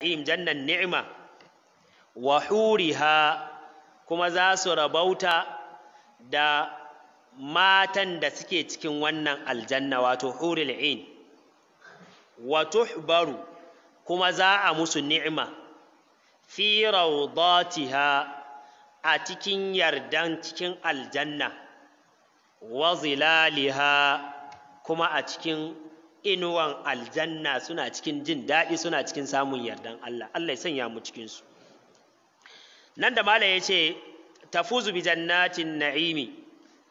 na'im jannan ni'ima wa huriha kuma za su rabauta da matan da suke cikin wannan aljanna wato huril ain wa tuhbaru kuma za a musu ni'ima fi rawdatiha a cikin yardan cikin aljanna wa zilaliha kuma a cikin inuwan aljanna suna cikin jin daɗi suna cikin samun yardan Allah Allah ya sanya mu cikin su nan da malam yace tafuzu bi jannatin na'imi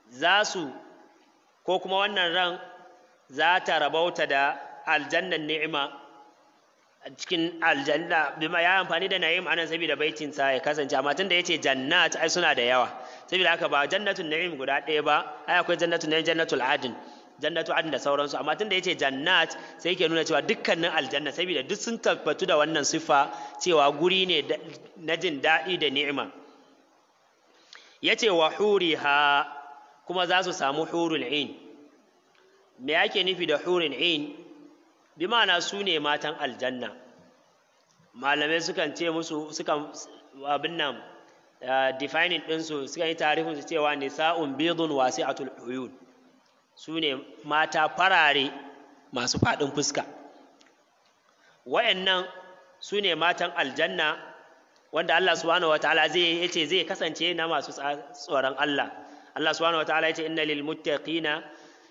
za su ko kuma wannan ran za ta rabauta da aljannan ni'ima cikin aljanna bima ya amfani da na'im anan saboda baitin sa ya kasance amma tunda yace jannat ai suna da yawa saboda haka ba jannatul na'im guda ɗaya ba ai akwai na na'im jannatul adin jannatu adin da sauransu amma tunda yace jannat sai yake nuna cewa dukkanin aljanna saboda duk sun tabbatu da wannan sifa cewa guri ne na jin daɗi da ni'ima yace wa huriha kuma za su samu hurul ain me yake nufi da hurul ain bi ma'ana su ne matan aljanna malamai sukan ce musu sukan abin nan eh, defining ɗinsu sukan yi tarihin su cewa nisa'un bidun wasi'atul uyun su ne mata farare masu faɗin fuska wayannan su ne matan aljanna wanda Allah subhanahu wataala zai yace zai kasance na masu tsoron Allah Allah subhanahu wataala yace inna lil muttaqina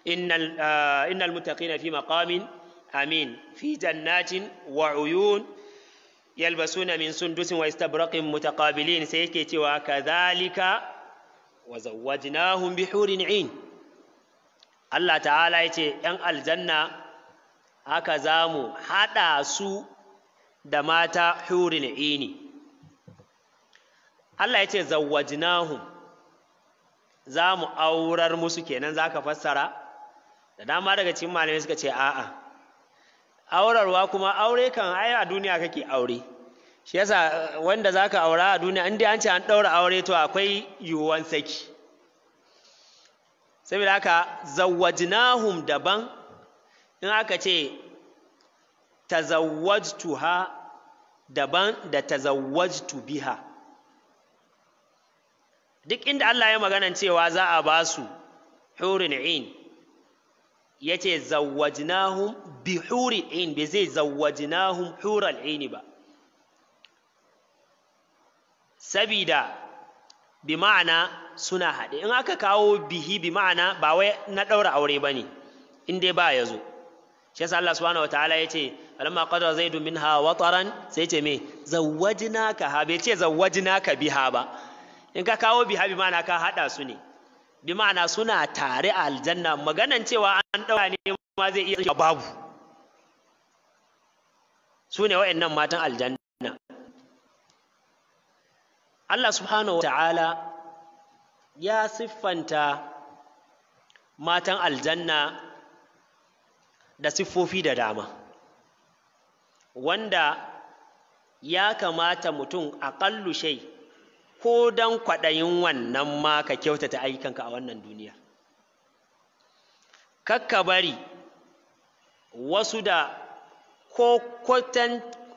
innal ah, innal muttaqina fi maqamin amin fi jannatin wa uyun yalbasuna min sundusin wa istabraqin mutaqabilin sai yake cewa kadhalika wa zawwajnahum bihurin 'ain Allah ta'ala ya ce ‘yan aljanna aka za mu haɗa su da mata hurin ini Allah ya ce zawajinahum za mu aurar musu kenan za ka fassara da dama daga cikin malamai suka ce a'a aurarwa kuma aure kan ai a duniya kake aure shi yasa eh, wanda za ka aura a duniya inda an ce an ɗaura aure to akwai yiwuwan saki saboda haka zawajnahum daban in aka ce tazawwajtuha daban da tazawwajtu biha duk inda Allah ya magana cewa za a ba su hurin in yace zawajnahum bi hurin in bai zai zawajnahum hural in ba sabida bi ma'ana suna haɗe in aka kawo bihi bi ma'ana ba wai na ɗaura aure ba ne in dai ba ya zo shi yasa Allah subhanahu wataala ya ce falamma qadara zaidu minha wataran sai ce me zawwajnaka ha bai ce zawwajnaka biha ba in ka kawo biha bi ma'ana ka haɗa su ne bi ma'ana suna tare a aljanna maganan cewa an ɗaura ne ma zai iya babu su ne matan aljanna Allah subhanahu wa ta'ala ya siffanta matan aljanna da siffofi da dama wanda ya kamata mutum aƙallu shai ko don kwaɗayin wannan ma ka kyautata ayyukanka a wannan duniya kakka bari wasu da ko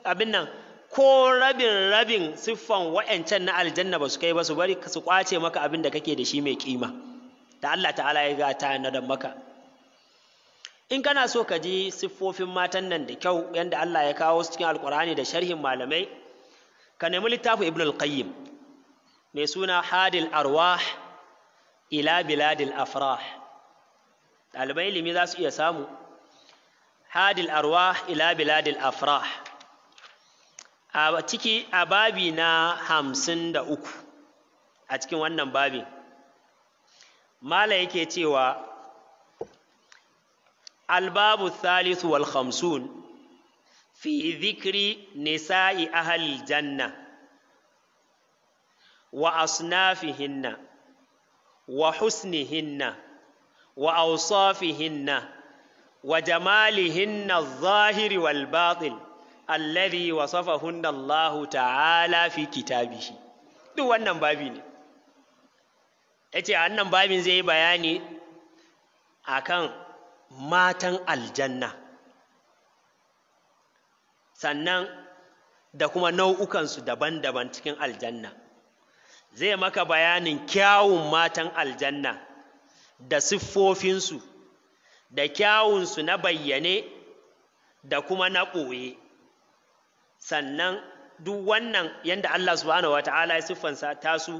abin nan ko rabin rabin siffan wa'ancan na aljanna ba su kai ba su bari su kwace maka abin da kake da shi mai kima da Allah ta'ala ya ga ta nadan maka in kana so ka ji siffofin matan nan da kyau yanda Allah ya kawo su cikin alkur'ani da sharhin malamai ka nemi littafin ibn al-qayyim mai suna hadil arwah ila biladil afrah ɗalibai ilimi za su iya samu hadil arwah ila biladil afrah a ciki a babi na hamsin da uku a cikin wannan babin mala yake cewa albabu thalithu wal khamsun fi dhikri nisa'i ahli janna wa asnafihinna wa husnihinna wa awsafihinna wa jamalihinna hinna zahiri wal batin alladhi wasafahunna Allah ta'ala fi kitabihi duk wannan babi ne yace wannan babin zai yi bayani akan matan aljanna sannan da kuma nau'ukansu daban-daban cikin aljanna zai maka bayanin kyawun matan aljanna da siffofinsu da kyawunsu na bayyane da kuma na ɓoye sannan duk wannan yadda Allah subhanahu ta'ala ya siffansa tasu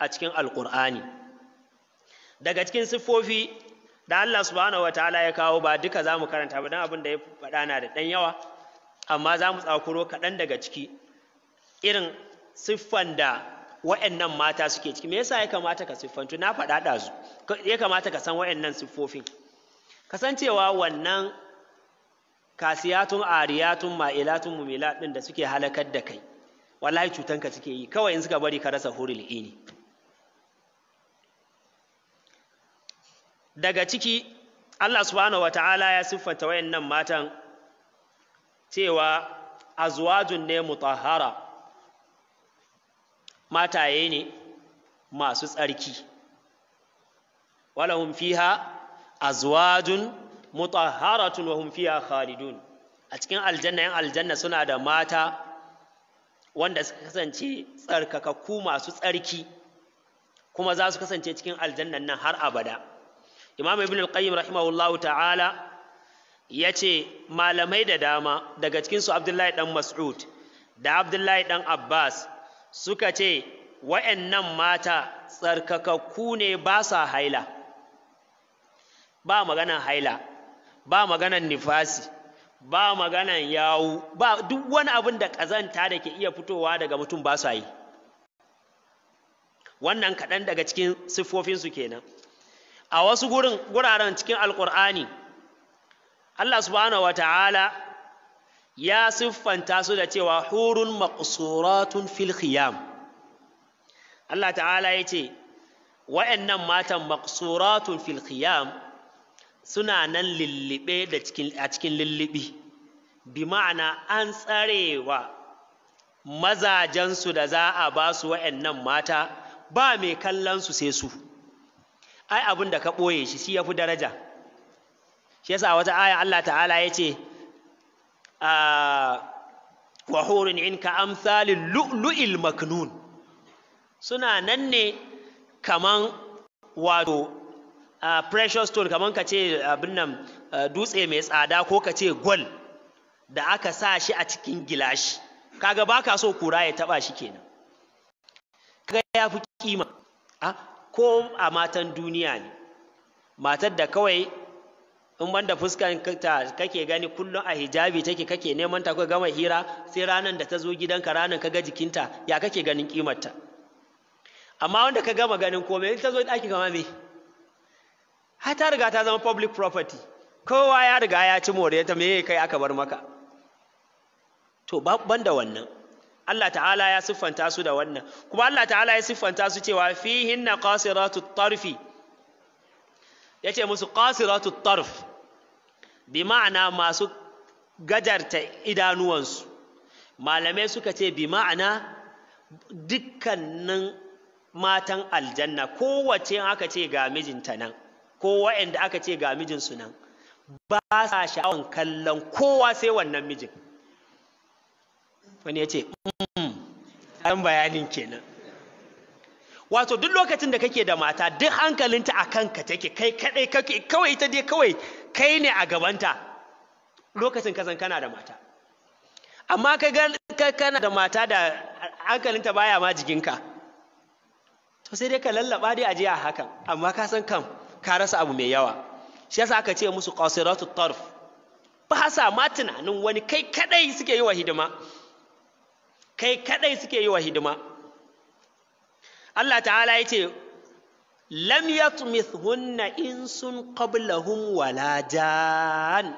a cikin alƙur'ani daga cikin siffofi da Allah subhanahu ta'ala ya kawo ba duka za mu karanta ba don abin da ya faɗa na da ɗan yawa amma za mu tsakuro kaɗan daga ciki irin siffan da wa'annan mata suke ciki me yasa ya kamata ka siffantu na faɗaɗa su, ya kamata ka san wa'annan siffofin kasancewa wannan kasiyatun ariyatun ma'ilatun mumila din da suke halakar da kai wallahi cutanka suke yi kawai in suka bari ka rasa hurul ini daga ciki Allah subhanahu wata'ala ya siffanta wayannan matan cewa azwajun ne mutahhara mataye ne masu tsarki walahum fiha azwajun mutahharatun wa hum fiha khalidun a cikin aljanna yan aljanna suna da mata wanda suka kasance tsarkakakku masu tsarki kuma za su kasance cikin aljannan nan har abada imam ibn al-qayyim rahimahullahu ta'ala ya ce malamai da dama daga cikinsu abdullahi dan mas'ud da abdullahi dan abbas suka ce wa'annan mata tsarkakakku ne ba sa haila ba maganan haila ba maganan nifasi ba maganan yawu ba duk wani abin da ƙazanta da ke iya fitowa daga mutum ba sa yi wannan kaɗan daga cikin siffofinsu kenan a wasu gurin guraren cikin alƙur'ani allah subhanahu wa ta'ala ya siffanta su da cewa hurun maƙusuratun fil khiyam allah ta'ala ya ce wa'annan matan maƙusuratun fil khiyam suna nan lillibe da cikin a cikin lillibi bi ma'ana an tsarewa mazajensu da za a ba su wa'annan mata ba mai kallon su sai su ai abin da ka ɓoye shi shi ya fi daraja shi yasa wata aya Allah ta'ala ya ce ah, wa hurin in ka amsalin lu'lu'il maknun suna nan ne kaman wato precious stone kamar ka ce abin nan dutse mai tsada ko ka ce gwal da aka sa shi a cikin gilashi kaga ba ka so kura ya taba shi kenan kaga ya fi kima ko a matan duniya ne matar da kawai in banda fuskan ta kake gani kullum a hijabi take kake neman ta gama hira sai ranan da ta zo gidanka ranan ka ga jikinta ya kake ganin kimarta amma wanda ka gama ganin komai ta zo ɗaki kama me har ta riga ta zama public property kowa ya riga ya ci moriyarta me kai aka bar maka to ban da wannan Allah ta'ala ya siffanta su da wannan kuma Allah ta'ala ya siffanta su cewa fihin na qasiratut tarfi ya ce musu qasiratut tarf bi ma'ana masu gajarta idanuwansu malamai suka ce bi ma'ana dukkanin matan aljanna kowace aka ce ga mijinta nan ko wa'anda aka ce ga mijinsu nan ba sa sha'awan kallon kowa sai wannan mijin wani ya ce mm, ɗan bayanin kenan wato duk lokacin da kake da mata duk hankalinta a kanka take kai kaɗai kake kawai ita dai kawai kai ne a gabanta lokacin kasan kana da mata amma ka ga kana da mata da hankalinta baya ma jikinka to sai dai ka lallaba dai a je a hakan amma ka san kan ka rasa abu mai yawa shi yasa aka ce musu qasiratu tarf ba sa ma tunanin wani kai kadai suke yi wa hidima kai kadai suke yi wa hidima Allah ta'ala ya ce lam yatmithunna insun qablahum wala jan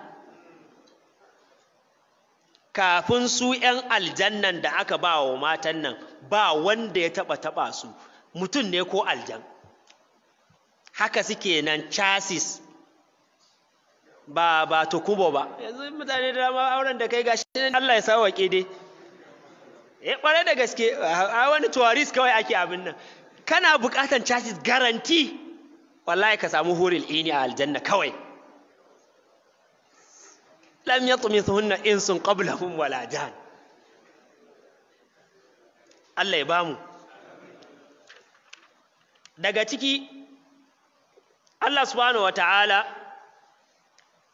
kafin su 'yan aljannan da aka ba wa matan nan ba wanda ya taba taba su mutum ne ko aljan haka suke nan chassis ba ba tukubo ba yanzu mutane da dama auren da kai gashi Allah ya sawake dai eh kware da gaske a wani tourist kawai ake abin nan kana bukatan chassis garanti wallahi ka samu huril ini a aljanna kawai lam yatmithunna insun qablahum wala jan Allah ya bamu daga ciki Allah subhanahu wata'ala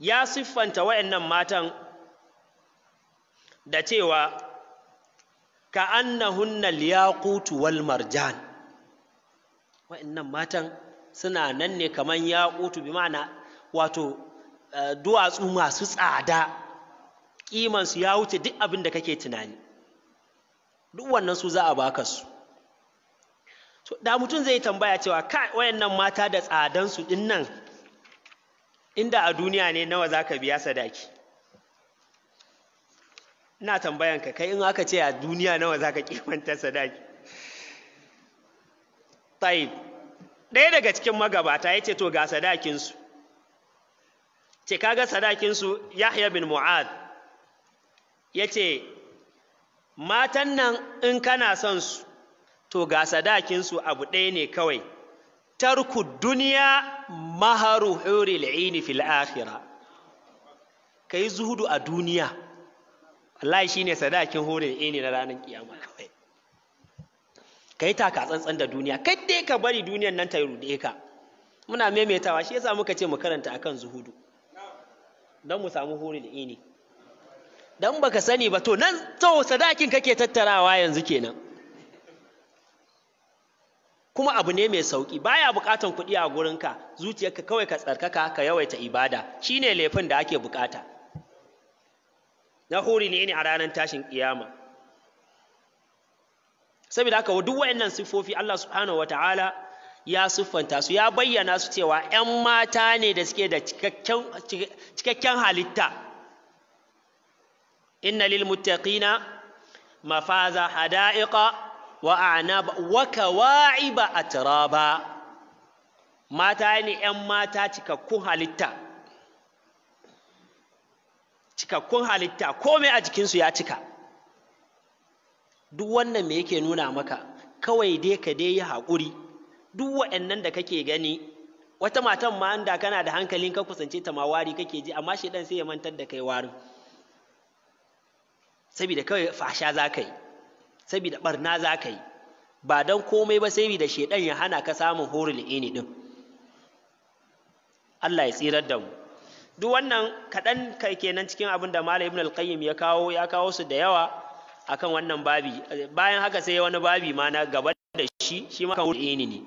ya siffanta waɗannan matan da cewa ka annahunna al-yaqut wal marjan Wa'annan matan suna nan ne kaman yaqutu bi ma'ana wato eh, duwatsu masu tsada kiman su ya wuce duk abin da kake tunani duk wannan su za a baka su da mutum zai tambaya cewa kai wayannan mata da tsadansu din nan inda a duniya ne nawa za ka biya sadaki ina tambayan ka kai in aka ce a duniya nawa za ka kimanta sadaki taib ɗaya daga cikin magabata ya ce to ga sadakinsu ce kaga sadakinsu yahya bin mu'ad ya ce matan nan in kana son su to ga sadakinsu abu ɗaya ne kawai tarku duniya maharu huril ini fil akhira kai zuhudu a duniya wallahi shine sadakin huril ne na ranar kiyama kawai kai taka tsantsan da duniya kai dai ka bari duniyan nan ta rude ka muna maimaitawa shi yasa muka ce mu karanta akan zuhudu don mu samu huril ini dan baka sani ba to nan to sadakin kake tattarawa yanzu kenan kuma abu ne mai sauki baya bukatan kuɗi a gurinka zuciyarka kawai ka tsarkaka ka yawaita ibada shine laifin da ake bukata na huri ne a ranar tashin kiyama saboda haka duk wayannan siffofi Allah subhanahu wataala ya siffanta su ya bayyana su cewa 'yan mata ne da suke da cikakken halitta inna lil muttaqina mafaza hada'iqa wa anaba wa kawa'iba atraba mata ne 'yan mata cikakkun halitta cikakkun halitta komai a jikinsu ya cika duk wannan me yake nuna maka kawai dai ka dai yi haƙuri duk wa'annan da kake gani wata matan ma inda kana da hankalin ka kusance ta ma wari kake ji amma shi sai ya mantar da kai warin saboda kawai fasha za ka yi saboda barna za ka yi ba don komai ba saboda shaidan ya hana ka samun horin ini ɗin. Allah ya tsirar da mu duk wannan kaɗan kai kenan cikin abin da Malam Ibn Al-Qayyim ya kawo ya kawo su da yawa akan wannan babi bayan haka sai wani babi ma na gaba da shi shi ma kan ini ne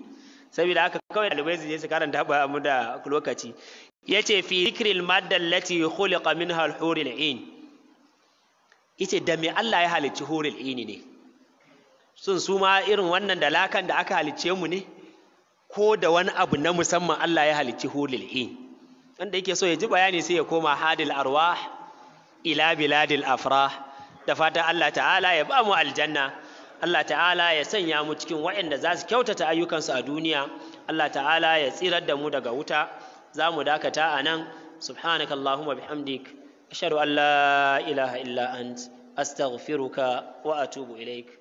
saboda haka kawai dalibai su je su karanta ba mu da lokaci yace fi zikril madda allati khuliqa minha al-hurul ain yace da me Allah ya halicci hurul ain ne sun su ma irin wannan dalakan da aka halicce mu ne ko da wani abu na musamman Allah ya halicci hulil in wanda yake so ya ji bayani sai ya koma hadil arwah ila biladil afrah da fata Allah ta'ala ya ba mu aljanna Allah ta'ala ya sanya mu cikin waɗanda za su kyautata ayyukansu a duniya Allah ta'ala ya tsirar da mu daga wuta za mu dakata a nan subhanaka Allahumma bihamdik ashhadu an la ilaha illa ant ilaik